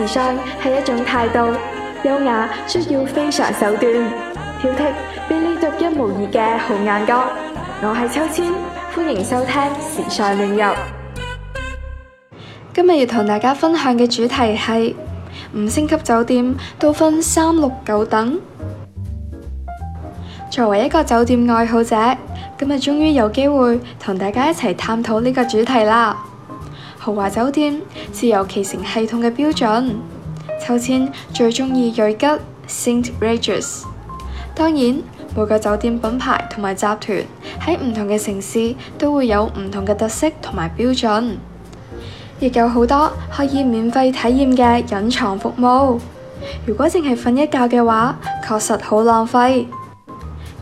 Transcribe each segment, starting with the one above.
時尚係一種態度，優雅需要非常手段，挑剔俾你獨一無二嘅好眼光。我係秋千，歡迎收聽時尚亂入。今日要同大家分享嘅主題係五星級酒店都分三六九等。作為一個酒店愛好者，今日終於有機會同大家一齊探討呢個主題啦。豪華酒店自有其成系統嘅標準，秋千最中意瑞吉 St. Regis。當然，每個酒店品牌同埋集團喺唔同嘅城市都會有唔同嘅特色同埋標準，亦有好多可以免費體驗嘅隱藏服務。如果淨係瞓一覺嘅話，確實好浪費。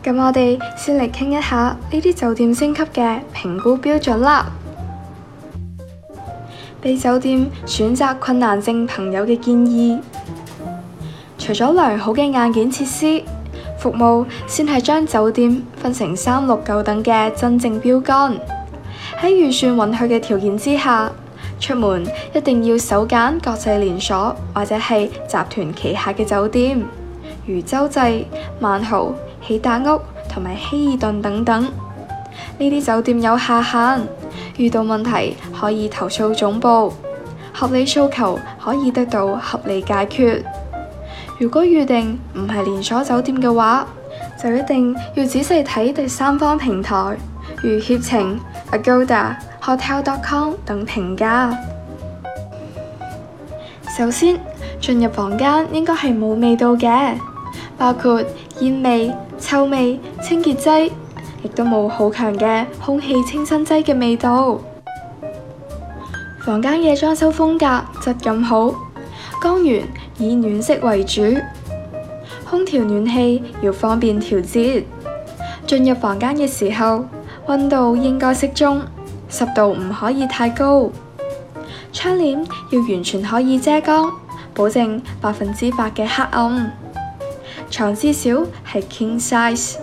咁我哋先嚟傾一下呢啲酒店升級嘅評估標準啦。俾酒店選擇困難症朋友嘅建議，除咗良好嘅硬件設施，服務先係將酒店分成三六九等嘅真正標杆。喺預算允許嘅條件之下，出門一定要首選國際連鎖或者係集團旗下嘅酒店，如洲際、萬豪、喜達屋同埋希爾頓等等。呢啲酒店有下限。遇到問題可以投訴總部，合理訴求可以得到合理解決。如果預定唔係連鎖酒店嘅話，就一定要仔細睇第三方平台，如攜程、Agoda、Hotels.com 等評價。首先，進入房間應該係冇味道嘅，包括煙味、臭味、清潔劑。亦都冇好強嘅空氣清新劑嘅味道。房間嘅裝修風格質感好，光源以暖色為主。空調暖氣要方便調節。進入房間嘅時候，温度應該適中，濕度唔可以太高。窗簾要完全可以遮光，保證百分之百嘅黑暗。床至少係 king size。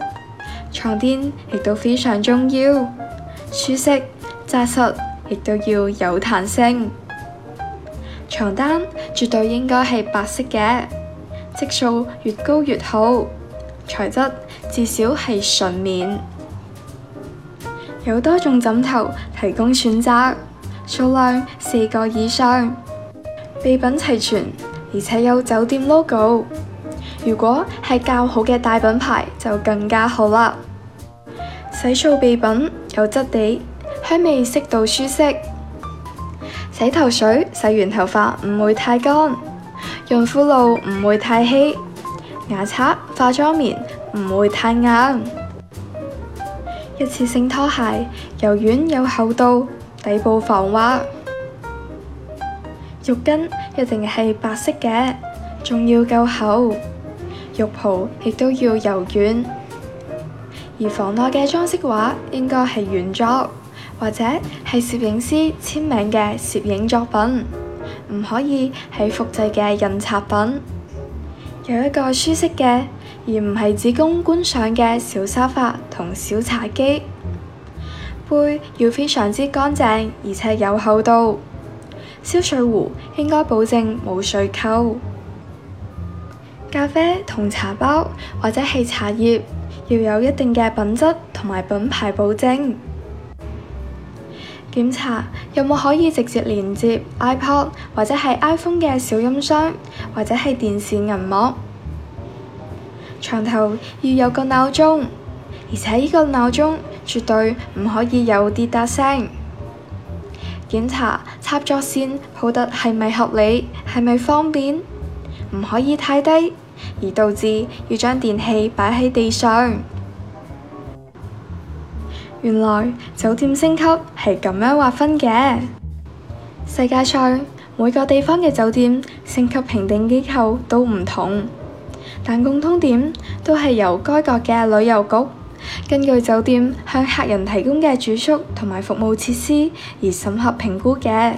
床墊亦都非常重要，舒適、紮實，亦都要有彈性。床單絕對應該係白色嘅，織數越高越好，材質至少係純棉。有多種枕頭提供選擇，數量四個以上，備品齊全，而且有酒店 logo。如果係較好嘅大品牌就更加好啦。洗漱備品有質地，香味適度舒適；洗頭水洗完頭髮唔會太乾，潤膚露唔會太稀，牙刷化妝棉唔會太硬，一次性拖鞋柔軟有厚度，底部防滑；浴巾一定係白色嘅，仲要夠厚，浴袍亦都要柔軟。而房內嘅裝飾畫應該係原作，或者係攝影師簽名嘅攝影作品，唔可以係複製嘅印刷品。有一個舒適嘅，而唔係只供觀賞嘅小沙發同小茶幾。杯要非常之乾淨，而且有厚度。燒水壺應該保證冇水垢。咖啡同茶包或者係茶葉。要有一定嘅品質同埋品牌保證。檢查有冇可以直接連接 iPod 或者係 iPhone 嘅小音箱，或者係電視銀幕。床頭要有個鬧鐘，而且呢個鬧鐘絕對唔可以有滴答聲。檢查插座線好得係咪合理，係咪方便？唔可以太低。而導致要將電器擺喺地上。原來酒店星級係咁樣劃分嘅。世界上每個地方嘅酒店星級評定機構都唔同，但共通點都係由該國嘅旅遊局根據酒店向客人提供嘅住宿同埋服務設施而審核評估嘅。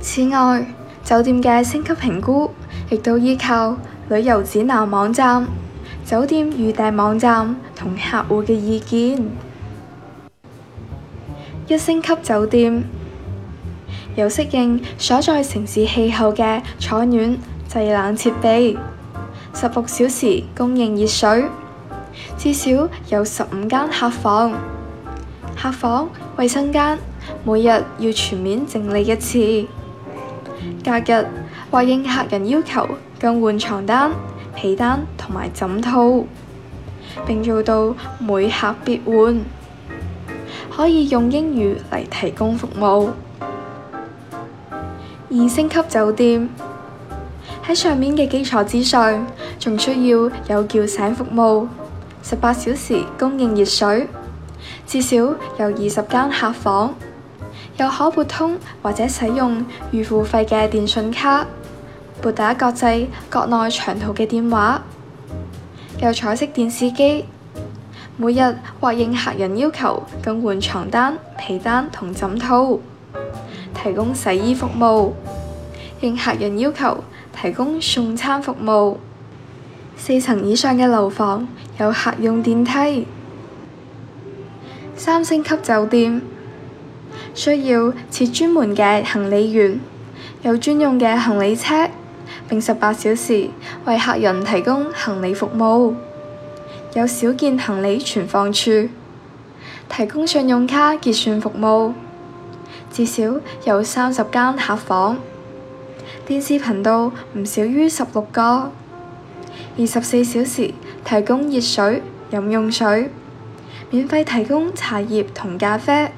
此外，酒店嘅星級評估。亦都依靠旅遊指南網站、酒店預訂網站同客戶嘅意見。 一星級酒店有適應所在城市氣候嘅採暖、製冷設備，十六小時供應熱水，至少有十五間客房。客房、衞生間每日要全面整理一次。隔日，或應客人要求更換床單、被單同埋枕套，並做到每客必換。可以用英語嚟提供服務。二星級酒店喺上面嘅基礎之上，仲需要有叫醒服務、十八小時供應熱水、至少有二十間客房、有可撥通或者使用預付費嘅電信卡。撥打國際、國內長途嘅電話，有彩色電視機，每日或應客人要求更換床單、被單同枕套，提供洗衣服務，應客人要求提供送餐服務。四層以上嘅樓房有客用電梯。三星級酒店需要設專門嘅行李員，有專用嘅行李車。並十八小時為客人提供行李服務，有小件行李存放處，提供信用卡結算服務，至少有三十間客房，電視頻道唔少於十六個，二十四小時提供熱水飲用水，免費提供茶葉同咖啡，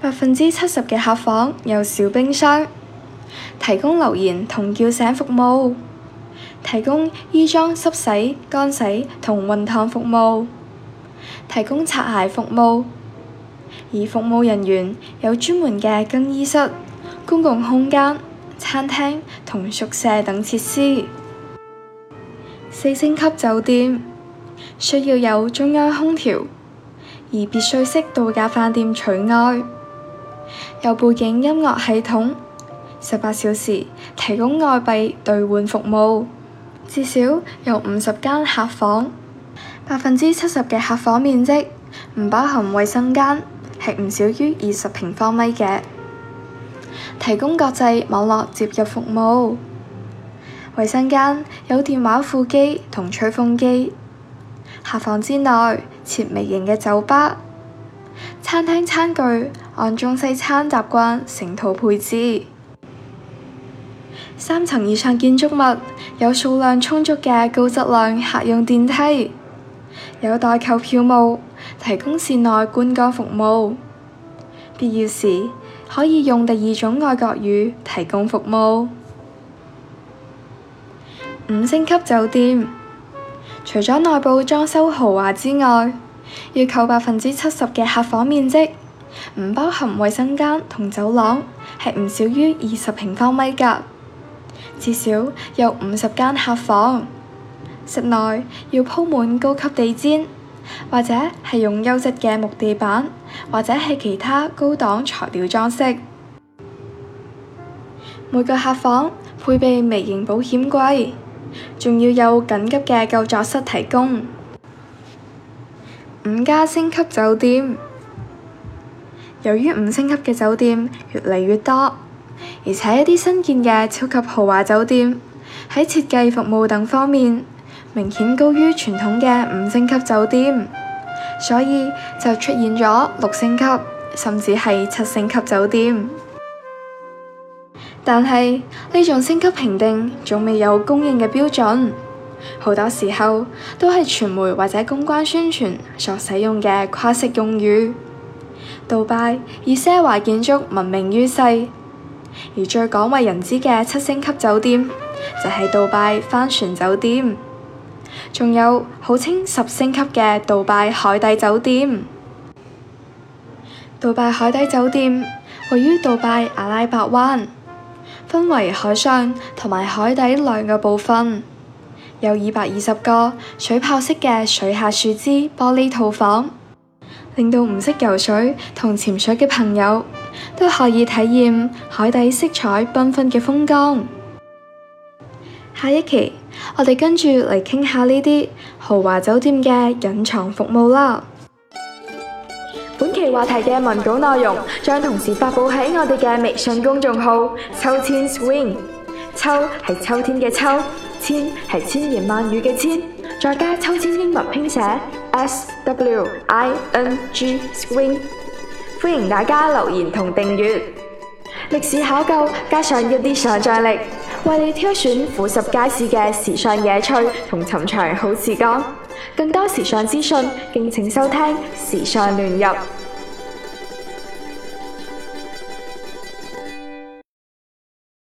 百分之七十嘅客房有小冰箱。提供留言同叫醒服務，提供衣裝濕洗、乾洗同熨燙服務，提供擦鞋服務。而服務人員有專門嘅更衣室、公共空間、餐廳同宿舍等設施。 四星級酒店需要有中央空調，而別墅式度假飯店除外，有背景音樂系統。十八小時提供外幣兌換服務，至少有五十間客房，百分之七十嘅客房面積唔包含衛生間，係唔少於二十平方米嘅。提供國際網絡接入服務，衛生間有電話、副機同吹風機。客房之內設微型嘅酒吧，餐廳餐具按中西餐習慣成套配置。三層以上建築物有數量充足嘅高質量客用電梯，有代購票務，提供市內觀光服務。必要時可以用第二種外國語提供服務。五星級酒店除咗內部裝修豪華之外，要求百分之七十嘅客房面積，唔包含衞生間同走廊，係唔少於二十平方米㗎。至少有五十間客房，室內要鋪滿高級地氈，或者係用優質嘅木地板，或者係其他高檔材料裝飾。每個客房配備微型保險櫃，仲要有緊急嘅救助室提供。五家星級酒店，由於五星級嘅酒店越嚟越多。而且一啲新建嘅超級豪華酒店喺設計、服務等方面明顯高於傳統嘅五星級酒店，所以就出現咗六星級甚至係七星級酒店。但係呢種星級評定仲未有公認嘅標準，好多時候都係傳媒或者公關宣傳所使用嘅跨式用語。杜拜以奢華建築聞名於世。而最廣為人知嘅七星級酒店就係、是、杜拜帆船酒店，仲有號稱十星級嘅杜拜海底酒店。杜拜海底酒店位於杜拜阿拉伯灣，分為海上同埋海底兩個部分，有二百二十個水泡式嘅水下樹脂玻璃套房，令到唔識游水同潛水嘅朋友。都可以體驗海底色彩繽紛嘅風光。下一期我哋跟住嚟傾下呢啲豪華酒店嘅隱藏服務啦。本期話題嘅文稿內容將同時發布喺我哋嘅微信公眾號“秋千 swing”。「秋」係秋天嘅「秋」，「千」係千言萬語嘅「千」，再加「秋千」英文拼寫 S W I N G swing。歡迎大家留言同訂閱，歷史考究加上一啲想象力，為你挑選俯拾皆是嘅時尚野趣同尋常好時光。更多時尚資訊，敬請收聽《時尚亂入》。